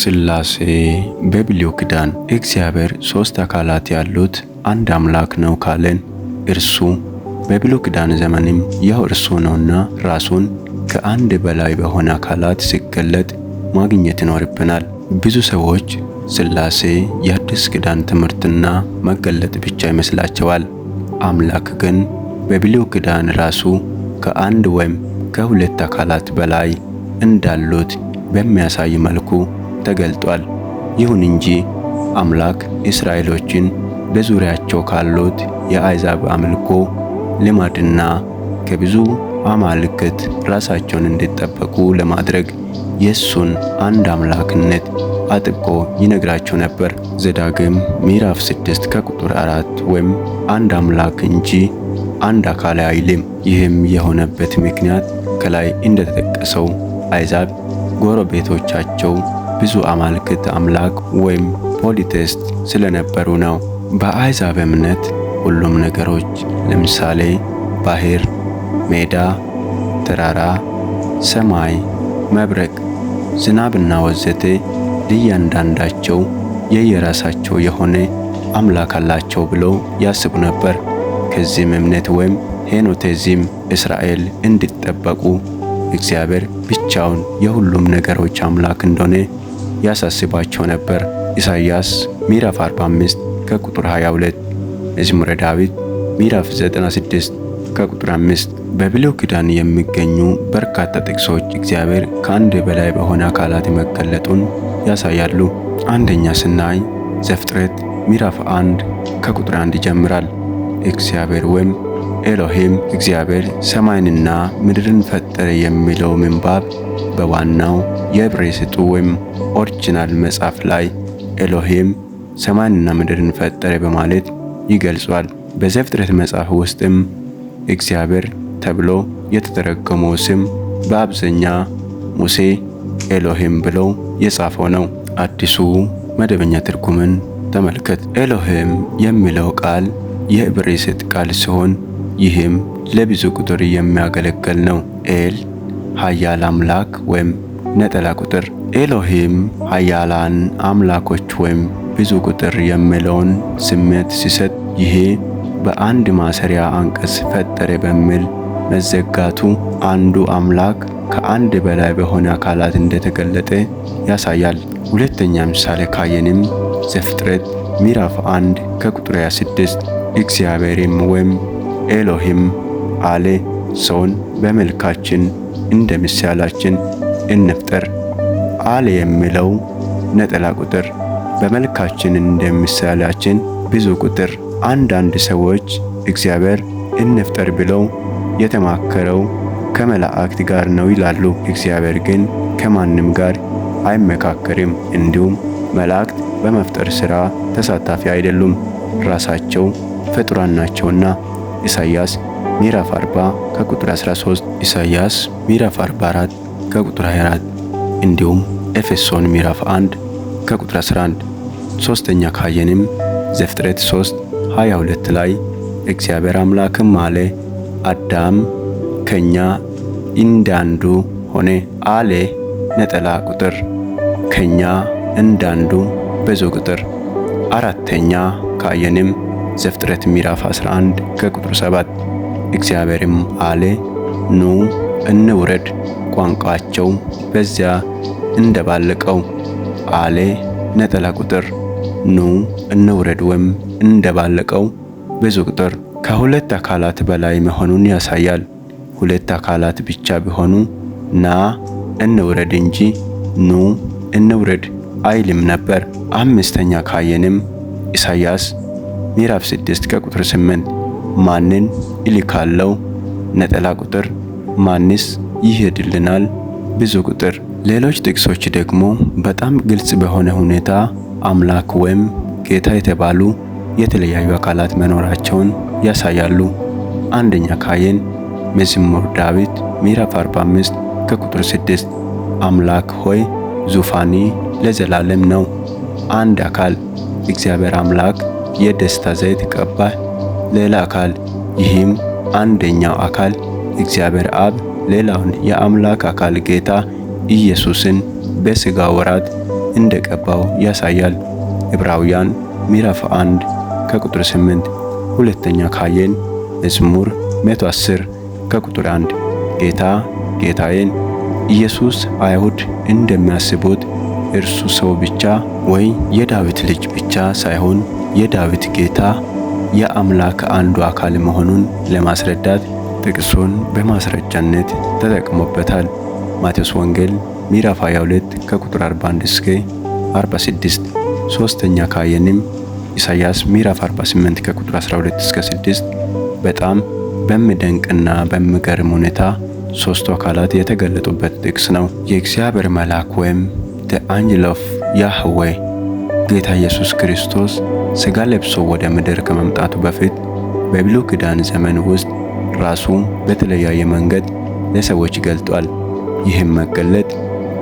ስላሴ በብሉይ ኪዳን እግዚአብሔር ሶስት አካላት ያሉት አንድ አምላክ ነው ካለን እርሱ በብሉይ ኪዳን ዘመንም ያው እርሱ ነውና ራሱን ከአንድ በላይ በሆነ አካላት ሲገለጥ ማግኘት ይኖርብናል። ብዙ ሰዎች ስላሴ የአዲስ ኪዳን ትምህርትና መገለጥ ብቻ ይመስላቸዋል። አምላክ ግን በብሉይ ኪዳን ራሱ ከአንድ ወይም ከሁለት አካላት በላይ እንዳሉት በሚያሳይ መልኩ ተገልጧል። ይሁን እንጂ አምላክ እስራኤሎችን በዙሪያቸው ካሉት የአሕዛብ አምልኮ ልማድና ከብዙ አማልክት ራሳቸውን እንዲጠበቁ ለማድረግ የእሱን አንድ አምላክነት አጥብቆ ይነግራቸው ነበር። ዘዳግም ምዕራፍ 6 ከቁጥር 4 ወይም አንድ አምላክ እንጂ አንድ አካል አይልም። ይህም የሆነበት ምክንያት ከላይ እንደተጠቀሰው አሕዛብ ጎረቤቶቻቸው ብዙ አማልክት አምላክ ወይም ፖሊቴስት ስለነበሩ ነው። በአሕዛብ እምነት ሁሉም ነገሮች ለምሳሌ ባህር፣ ሜዳ፣ ተራራ፣ ሰማይ፣ መብረቅ፣ ዝናብና ወዘተ ለእያንዳንዳቸው የየራሳቸው የሆነ አምላክ አላቸው ብለው ያስቡ ነበር። ከዚህም እምነት ወይም ሄኖቴዚም እስራኤል እንዲጠበቁ እግዚአብሔር ብቻውን የሁሉም ነገሮች አምላክ እንደሆነ ያሳስባቸው ነበር። ኢሳይያስ ምዕራፍ 45 ከቁጥር 22፣ መዝሙረ ዳዊት ምዕራፍ 96 ከቁጥር 5። በብሉይ ኪዳን የሚገኙ በርካታ ጥቅሶች እግዚአብሔር ከአንድ በላይ በሆነ አካላት መገለጡን ያሳያሉ። አንደኛ ስናይ ዘፍጥረት ምዕራፍ 1 ከቁጥር 1 ይጀምራል። እግዚአብሔር ወይም ኤሎሂም እግዚአብሔር ሰማይንና ምድርን ፈጠረ የሚለው ምንባብ በዋናው የዕብራይስጡ ወይም ኦሪጂናል መጽሐፍ ላይ ኤሎሄም ሰማይንና ምድርን ፈጠረ በማለት ይገልጿል። በዘፍጥረት መጽሐፍ ውስጥም እግዚአብሔር ተብሎ የተተረጎመው ስም በአብዛኛ ሙሴ ኤሎሄም ብሎ የጻፈው ነው። አዲሱ መደበኛ ትርጉምን ተመልከት። ኤሎሄም የሚለው ቃል የዕብራይስጥ ቃል ሲሆን ይህም ለብዙ ቁጥር የሚያገለግል ነው። ኤል ሀያል አምላክ ወይም ነጠላ ቁጥር ኤሎሂም ሀያላን አምላኮች ወይም ብዙ ቁጥር የሚለውን ስሜት ሲሰጥ ይሄ በአንድ ማሰሪያ አንቀጽ ፈጠረ በሚል መዘጋቱ አንዱ አምላክ ከአንድ በላይ በሆነ አካላት እንደተገለጠ ያሳያል። ሁለተኛ ምሳሌ ካየንም ዘፍጥረት ምዕራፍ 1 ከቁጥር 26 እግዚአብሔርም ወይም ኤሎሂም አለ ሰውን በመልካችን እንደ ምሳሌያችን እንፍጠር አለ የሚለው ነጠላ ቁጥር በመልካችን እንደ ምሳሌያችን ብዙ ቁጥር አንዳንድ ሰዎች እግዚአብሔር እንፍጠር ብለው የተማከረው ከመላእክት ጋር ነው ይላሉ። እግዚአብሔር ግን ከማንም ጋር አይመካከርም። እንዲሁም መላእክት በመፍጠር ሥራ ተሳታፊ አይደሉም፣ ራሳቸው ፍጡራን ናቸውና ኢሳይያስ ምዕራፍ 40 ከቁጥር 13፣ ኢሳይያስ ምዕራፍ 44 ከቁጥር 24 እንዲሁም ኤፌሶን ምዕራፍ 1 ከቁጥር 11። ሶስተኛ ካየንም ዘፍጥረት 3 22 ላይ እግዚአብሔር አምላክም አለ አዳም ከኛ እንዳንዱ ሆነ አለ። ነጠላ ቁጥር ከኛ እንዳንዱ ብዙ ቁጥር። አራተኛ ካየንም ዘፍጥረት ምዕራፍ 11 ከቁጥር 7 እግዚአብሔርም አለ፣ ኑ እንውረድ፣ ቋንቋቸው በዚያ እንደባለቀው አለ። ነጠላ ቁጥር ኑ እንውረድ ወይም እንደባለቀው ብዙ ቁጥር ከሁለት አካላት በላይ መሆኑን ያሳያል። ሁለት አካላት ብቻ ቢሆኑ ና እንውረድ እንጂ ኑ እንውረድ አይልም ነበር። አምስተኛ ካየንም ኢሳይያስ ምዕራፍ 6 ከቁጥር 8 ማንን ይልካለው? ነጠላ ቁጥር ማንስ ይሄድልናል? ብዙ ቁጥር። ሌሎች ጥቅሶች ደግሞ በጣም ግልጽ በሆነ ሁኔታ አምላክ ወይም ጌታ የተባሉ የተለያዩ አካላት መኖራቸውን ያሳያሉ። አንደኛ ካይን መዝሙር ዳዊት ምዕራፍ 45 ከቁጥር 6 አምላክ ሆይ ዙፋኔ ለዘላለም ነው። አንድ አካል እግዚአብሔር አምላክ የደስታ ዘይት ቀባይ ሌላ አካል ይህም አንደኛው አካል እግዚአብሔር አብ ሌላውን የአምላክ አካል ጌታ ኢየሱስን በሥጋ ወራት እንደቀባው ያሳያል። ዕብራውያን ምዕራፍ 1 ከቁጥር 8 ሁለተኛ ካየን መዝሙር 110 ከቁጥር 1 ጌታ ጌታዬን ኢየሱስ አይሁድ እንደሚያስቡት እርሱ ሰው ብቻ ወይ የዳዊት ልጅ ብቻ ሳይሆን የዳዊት ጌታ የአምላክ አንዱ አካል መሆኑን ለማስረዳት ጥቅሱን በማስረጃነት ተጠቅሞበታል። ማቴዎስ ወንጌል ምዕራፍ 22 ከቁጥር 41 እስከ 46። ሶስተኛ ካየንም ኢሳይያስ ምዕራፍ 48 ከቁጥር 12 እስከ 6 በጣም በሚደንቅና በሚገርም ሁኔታ ሶስቱ አካላት የተገለጡበት ጥቅስ ነው። የእግዚአብሔር መልአክ ወይም ዘ አንጅል ኦፍ ያህዌ ጌታ ኢየሱስ ክርስቶስ ሥጋ ለብሶ ወደ ምድር ከመምጣቱ በፊት በብሉይ ኪዳን ዘመን ውስጥ ራሱ በተለያየ መንገድ ለሰዎች ገልጧል። ይህም መገለጥ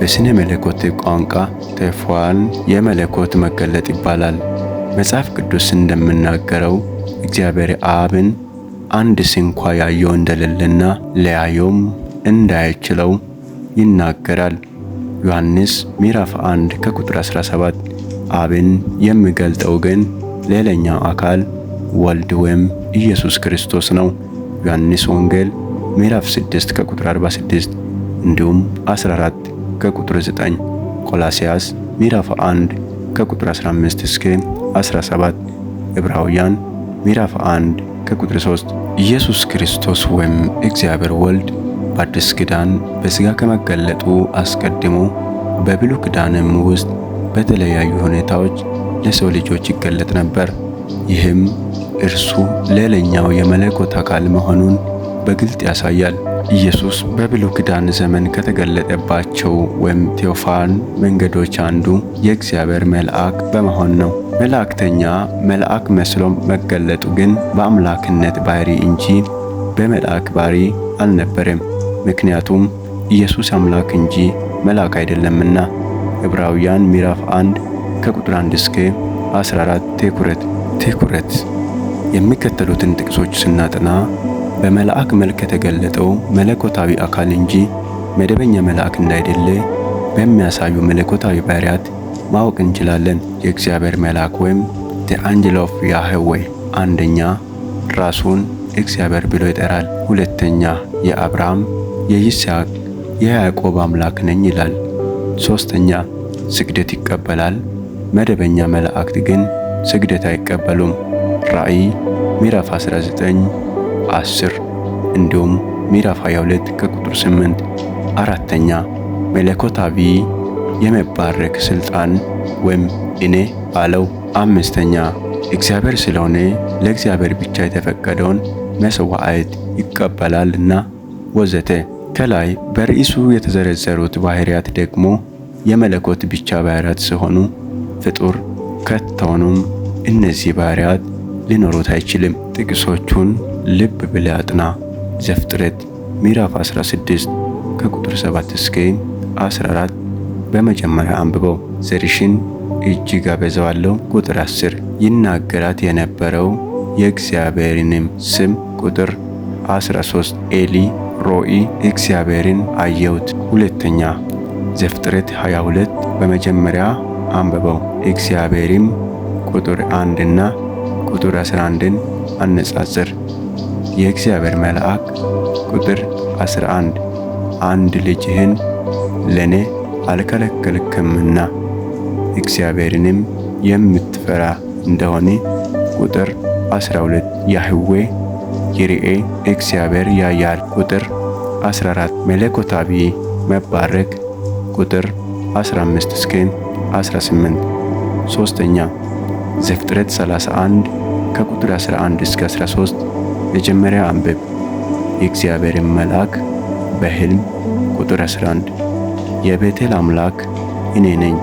በስነ መለኮት ቋንቋ ተፏን የመለኮት መገለጥ ይባላል። መጽሐፍ ቅዱስ እንደምናገረው እግዚአብሔር አብን አንድ ስንኳ ያየው እንደሌለና ለያየውም እንዳይችለው ይናገራል። ዮሐንስ ምዕራፍ 1 ከቁጥር 17 አብን የሚገልጠው ግን ሌላኛው አካል ወልድ ወይም ኢየሱስ ክርስቶስ ነው። ዮሐንስ ወንጌል ምዕራፍ 6 ከቁጥር 46 እንዲሁም 14 ከቁጥር 9፣ ቆላሲያስ ምዕራፍ 1 ከቁጥር 15 እስከ 17፣ ዕብራውያን ምዕራፍ 1 ከቁጥር 3። ኢየሱስ ክርስቶስ ወይም እግዚአብሔር ወልድ በአዲስ ኪዳን በሥጋ ከመገለጡ አስቀድሞ በብሉይ ኪዳንም ውስጥ በተለያዩ ሁኔታዎች ለሰው ልጆች ይገለጥ ነበር። ይህም እርሱ ሌላኛው የመለኮት አካል መሆኑን በግልጥ ያሳያል። ኢየሱስ በብሉይ ኪዳን ዘመን ከተገለጠባቸው ወይም ቴዎፋን መንገዶች አንዱ የእግዚአብሔር መልአክ በመሆን ነው። መላእክተኛ መልአክ መስሎ መገለጡ ግን በአምላክነት ባህሪ እንጂ በመልአክ ባህሪ አልነበረም። ምክንያቱም ኢየሱስ አምላክ እንጂ መልአክ አይደለምና። ዕብራውያን ምዕራፍ 1 ከቁጥር 1 እስከ 14 ትኩረት ትኩረት የሚከተሉትን ጥቅሶች ስናጠና በመልአክ መልክ የተገለጠው መለኮታዊ አካል እንጂ መደበኛ መልአክ እንዳይደለ በሚያሳዩ መለኮታዊ ባህሪያት ማወቅ እንችላለን። የእግዚአብሔር መልአክ ወይም ዘ አንጀል ኦፍ ያህዌ አንደኛ ራሱን እግዚአብሔር ብሎ ይጠራል። ሁለተኛ የአብርሃም፣ የይስሐቅ፣ የያዕቆብ አምላክ ነኝ ይላል። ሶስተኛ ስግደት ይቀበላል። መደበኛ መላእክት ግን ስግደት አይቀበሉም። ራእይ ምዕራፍ 19 10 እንዲሁም ምዕራፍ 22 ከቁጥር 8። አራተኛ መለኮታዊ የመባረክ ስልጣን ወይም እኔ ባለው አምስተኛ እግዚአብሔር ስለሆነ ለእግዚአብሔር ብቻ የተፈቀደውን መስዋዕት ይቀበላልና ወዘተ። ከላይ በርዕሱ የተዘረዘሩት ባህሪያት ደግሞ የመለኮት ብቻ ባህሪያት ሲሆኑ ፍጡር ከተሆኑም እነዚህ ባህሪያት ሊኖሩት አይችልም። ጥቅሶቹን ልብ ብለ አጥና። ዘፍጥረት ምዕራፍ 16 ከቁጥር 7 እስከ 14 በመጀመሪያ አንብበው። ዘርሽን እጅግ አበዛዋለሁ። ቁጥር 10 ይናገራት የነበረው የእግዚአብሔርንም ስም ቁጥር 13 ኤሊ ሮኢ እግዚአብሔርን አየሁት። ሁለተኛ ዘፍጥረት 22 በመጀመሪያ አንብበው። እግዚአብሔርም ቁጥር አንድና ቁጥር 11ን አነጻጽር። የእግዚአብሔር መልአክ ቁጥር 11 አንድ ልጅህን ለእኔ አልከለከልክምና እግዚአብሔርንም የምትፈራ እንደሆነ ቁጥር 12 ያህዌ ይርኤ እግዚአብሔር ያያል። ቁጥር 14 መለኮታዊ መባረክ ቁጥር 15 እስከ 18 ሶስተኛ ዘፍጥረት 31 ከቁጥር 11 እስከ 13 መጀመሪያ አንብብ። የእግዚአብሔር መልአክ በህልም ቁጥር 11 የቤቴል አምላክ እኔ ነኝ።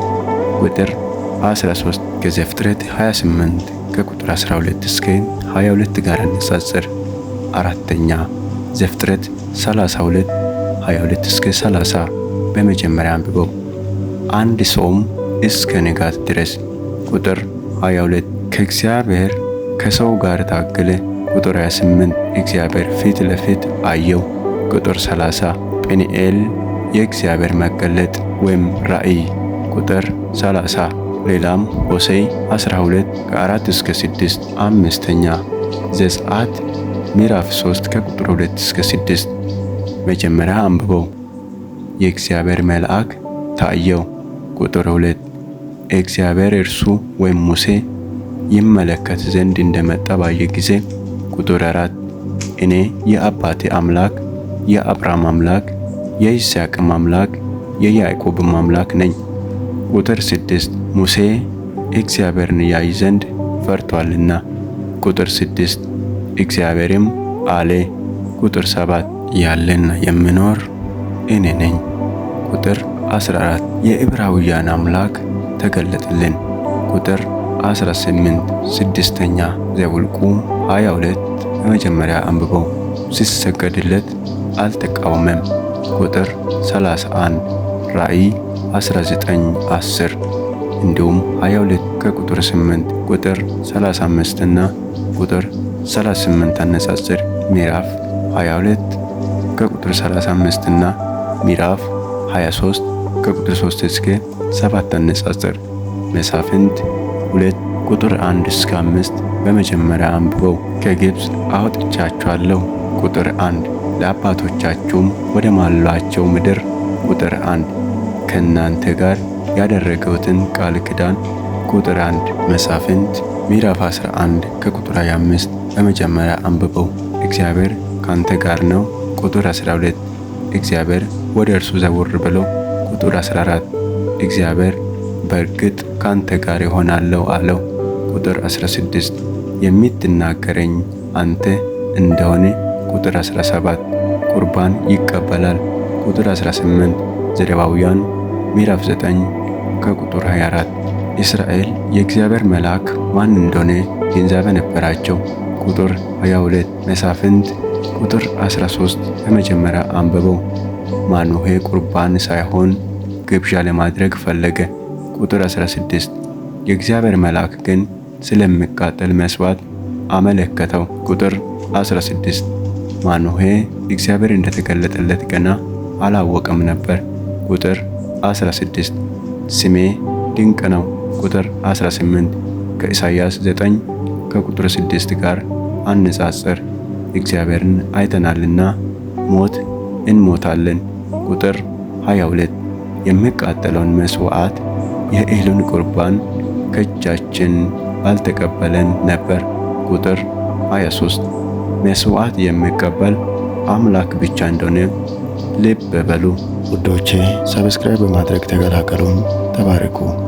ቁጥር 13 ከዘፍጥረት 28 ከቁጥር 12 እስከ 22 ጋር አነጻጽር። አራተኛ ዘፍጥረት 32 22 እስከ 30 በመጀመሪያ አንብበው። አንድ ሰውም እስከ ንጋት ድረስ። ቁጥር 22 ከእግዚአብሔር ከሰው ጋር ታገለ። ቁጥር 28 እግዚአብሔር ፊት ለፊት አየው። ቁጥር 30 ጵኒኤል የእግዚአብሔር መገለጥ ወይም ራእይ። ቁጥር 30 ሌላም ሆሴዕ 12 4 እስከ 6። አምስተኛ ዘጸአት ምዕራፍ 3 ከቁጥር 2 እስከ 6። መጀመሪያ አንብበው። የእግዚአብሔር መልአክ ታየው። ቁጥር 2 እግዚአብሔር እርሱ ወይም ሙሴ ይመለከት ዘንድ እንደመጣ ባየ ጊዜ ቁጥር አራት እኔ የአባቴ አምላክ የአብርሃም አምላክ የይስሐቅም አምላክ የያዕቆብም አምላክ ነኝ። ቁጥር ስድስት ሙሴ እግዚአብሔርን ያይ ዘንድ ፈርቷልና። ቁጥር ስድስት እግዚአብሔርም አለ። ቁጥር ሰባት ያለና የምኖር እኔ ነኝ። ቁጥር 14 የዕብራውያን አምላክ ተገለጠልን። ቁጥር 18 ስድስተኛ ዘኍልቍ 22 በመጀመሪያ አንብበው። ሲሰገድለት አልተቃወመም። ቁጥር 31 ራእይ 19 10 እንዲሁም 22 ከቁጥር 8 ቁጥር 35 እና ቁጥር 38 አነጻጽር። ምዕራፍ 22 ከቁጥር 35 እና ምዕራፍ 23 ከቁጥር 3 እስከ 7 አነጻጸር መሳፍንት 2 ቁጥር 1 እስከ 5 በመጀመሪያ አንብበው። ከግብፅ አውጥቻችኋለሁ። ቁጥር 1 ለአባቶቻችሁም ወደ ማሏቸው ምድር ቁጥር 1 ከእናንተ ጋር ያደረገውትን ቃል ክዳን ቁጥር 1 መሳፍንት ምዕራፍ 11 ከቁጥር 25 በመጀመሪያ አንብበው። እግዚአብሔር ካንተ ጋር ነው። ቁጥር 12 እግዚአብሔር ወደ እርሱ ዘወር ብለው ቁጥር 14 እግዚአብሔር በእርግጥ ካንተ ጋር ይሆናለው። አለው። ቁጥር 16 የምትናገረኝ አንተ እንደሆነ። ቁጥር 17 ቁርባን ይቀበላል። ቁጥር 18 ዘሌዋውያን ምዕራፍ 9 ከቁጥር 24 እስራኤል የእግዚአብሔር መልአክ ማን እንደሆነ ግንዛቤ ነበራቸው። ቁጥር 22 መሳፍንት ቁጥር 13 በመጀመሪያ አንብበው ማኑሄ ቁርባን ሳይሆን ግብዣ ለማድረግ ፈለገ። ቁጥር 16 የእግዚአብሔር መልአክ ግን ስለሚቃጠል መስዋዕት አመለከተው። ቁጥር 16 ማኑሄ እግዚአብሔር እንደተገለጠለት ገና አላወቀም ነበር። ቁጥር 16 ስሜ ድንቅ ነው። ቁጥር 18 ከኢሳይያስ 9 ከቁጥር 6 ጋር አነጻጽር። እግዚአብሔርን አይተናልና ሞት እንሞታለን ቁጥር 22 የሚቃጠለውን መስዋዕት የእህሉን ቁርባን ከእጃችን አልተቀበለን ነበር። ቁጥር 23 መስዋዕት የሚቀበል አምላክ ብቻ እንደሆነ ልብ በሉ ውዶቼ። ሰብስክራይብ በማድረግ ተቀላቀሉን። ተባረኩ።